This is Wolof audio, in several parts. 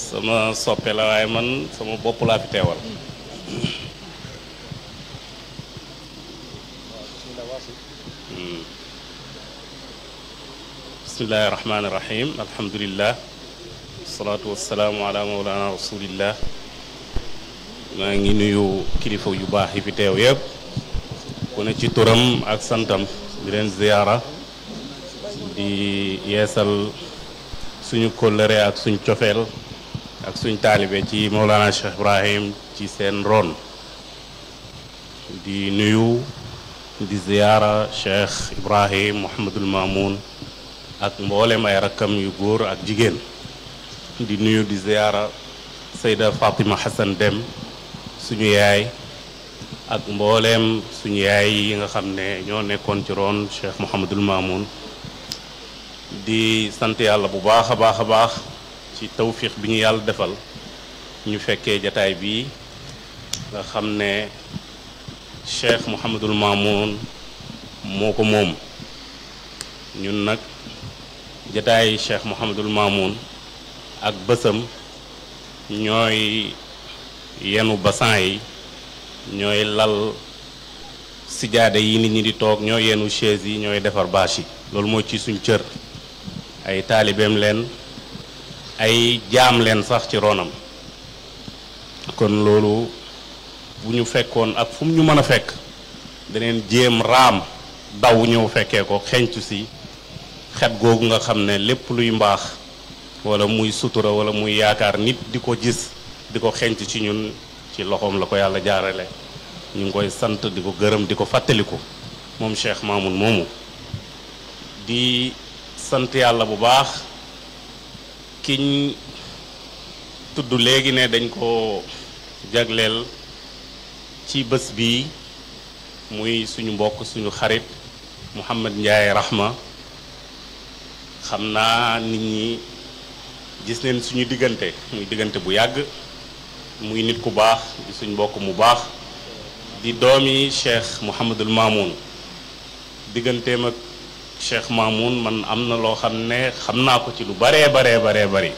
sama soppe la waaye man sama bopp laa fi teewal bismillahi rahmaani alhamdulilah wasalaatu maa ngi nuyu kilifa yu baax yi fi teew yëpp ku ne ci turam ak santam di leen ziyaara di yeesal suñu kóllëre ak suñu cofeel suñ taalibe ci Mawlana Cheikh Ibrahim ci seen ron di nuyu di ziyaara Cheikh Ibrahim Mouhamadul Mamoun ak mboolem ay rakkam yu góor ak jigéen di nuyu di ziyaara Sayda Fatima Hassan Dem suñu yaay ak mbooleem suñu yaay yi nga xam ne ñoo nekkoon ci ron Cheikh Mouhamadul Mamoun di sant bu baax a baax a baax ci tawfiix bi ñu yàlla defal ñu fekkee jataay bii nga xam ne Cheikh Mouhamadul Mamoun moo ko moom ñun nag jataay Cheikh Mouhamadul Mamoun ak bësëm ñooy yenu basan yi ñooy lal sijaada yi nit ñi di toog ñoo yenu chaise yi ñooy defar bâche yi loolu moo ci suñ cër ay taalibeem leen ay jaam leen sax ci ronam kon loolu bu ñu fekkoon ak fu ñu mën a fekk daneen jéem raam daw ñëw fekkee ko xencu si xet googu nga xam ne lépp luy mbaax wala muy sutura wala muy yaakaar nit di ko gis di ko xenc ci ñun ci loxoom la ko yàlla jaarale ñu ngi koy sant di ko gërëm di ko fàttaliku moom Cheikh Mamoun moomu di sant yàlla bu baax kiñ tudd léegi ne dañ ko jagleel ci bés bi muy suñu mbokk suñu xarit Mouhamed njaay Rahma xam naa nit ñi gis neen suñu diggante muy diggante bu yàgg muy nit ku baax suñu mbokk mu baax di doomi Cheikh Mouhamadul Mamoun digganteem ak Cheikh Mamoun man am na loo xam ne xam naa ko ci lu baree baree baree bari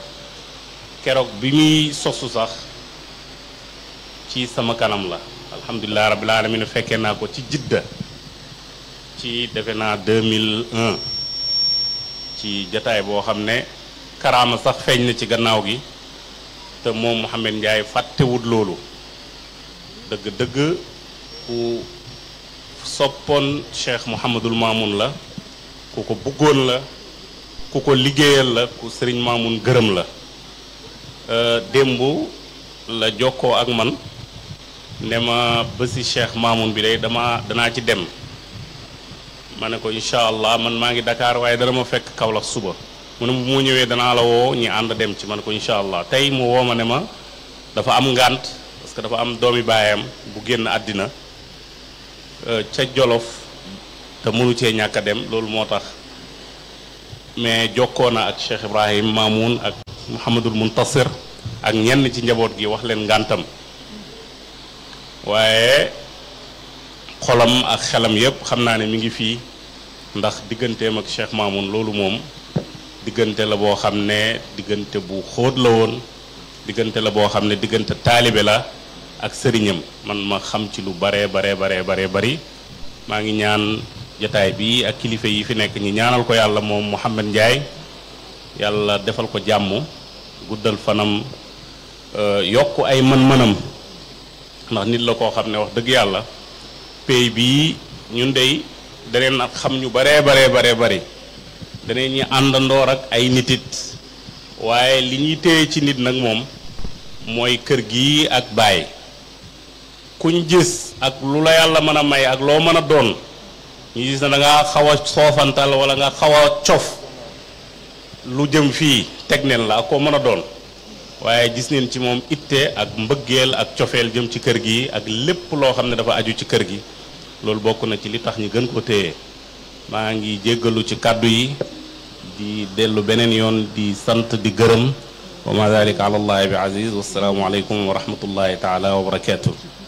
keroog bi muy sosu sax ci sama kanam la alhamdulilah rabbil alamin fekkee naa ko ci jidda ci defe naa 2001 ci jataay boo xam ne karaama sax feeñ na ci gannaaw gi te moom Mouhamed Ndiaye fàttewut loolu dëgg-dëgg ku soppoon Cheikh Mouhamadul Mamoun la ku ko bëggoon la ku ko liggéeyal la ku sëriñ Maamun gërëm la euh, démb la jokkoo ak man ne ma bési Cheikh Maamun bi day dama danaa ci dem ma ne ko incha allah man maa ngi dakaar waaye dana ma fekk Kaolack suba mu ne mu ñëwee danaa la woo ñi ànd dem ci ma ne ko incha allah tey mu woo ma ne ma dafa am ngànt parce que dafa am doomi baayam bu génn àddina euh, ca Jolof te mënu cee ñàkk a dem loolu moo tax mais jokkoo na ak Cheikh Ibrahim Mamoun ak Mouhamadul Muntasir ak ñenn ci njaboot gi wax leen ngàntam waaye xolam ak xelam yépp xam naa ne mi ngi fii ndax digganteem ak Cheikh Mamoun loolu moom diggante la boo xam ne diggante bu xóot la woon diggante la boo xam ne diggante taalibe la ak sëriñam man ma xam ci lu baree baree baree baree bari maa ngi ñaan jataay bii ak kilifa yi fi nekk ñi ñaanal ko yàlla moom Mouhamed njaay yàlla defal ko jàmm guddal fanam euh, yokk ay man manam ndax nit la koo xam ne wax dëgg yàlla pay bii ñun dey daneen ak xam ñu baree baree baree bari daneen ñi àndandoor ak ay nitit waaye li ñuy téye ci nit nag moom mooy kër gi ak baay kuñ gis ak lu la yàlla mën a may ak loo mën a doon ñu gis na da ngaa xaw a soofantal wala nga xawa a cof lu jëm fii teg neen la ak koo mën a doon waaye gis neen ci moom itte ak mbëggeel ak cofeel jëm ci kër gi ak lépp loo xam ne dafa aju ci kër gi loolu bokk na ci li tax ñu gën ko téye maa ngi jéggalu ci kàddu yi di dellu beneen yoon di sant di gërëm wa ma dalika ala allahi bi aziz wasalaamualeykum wa rahmatullahi taala wa barakatuh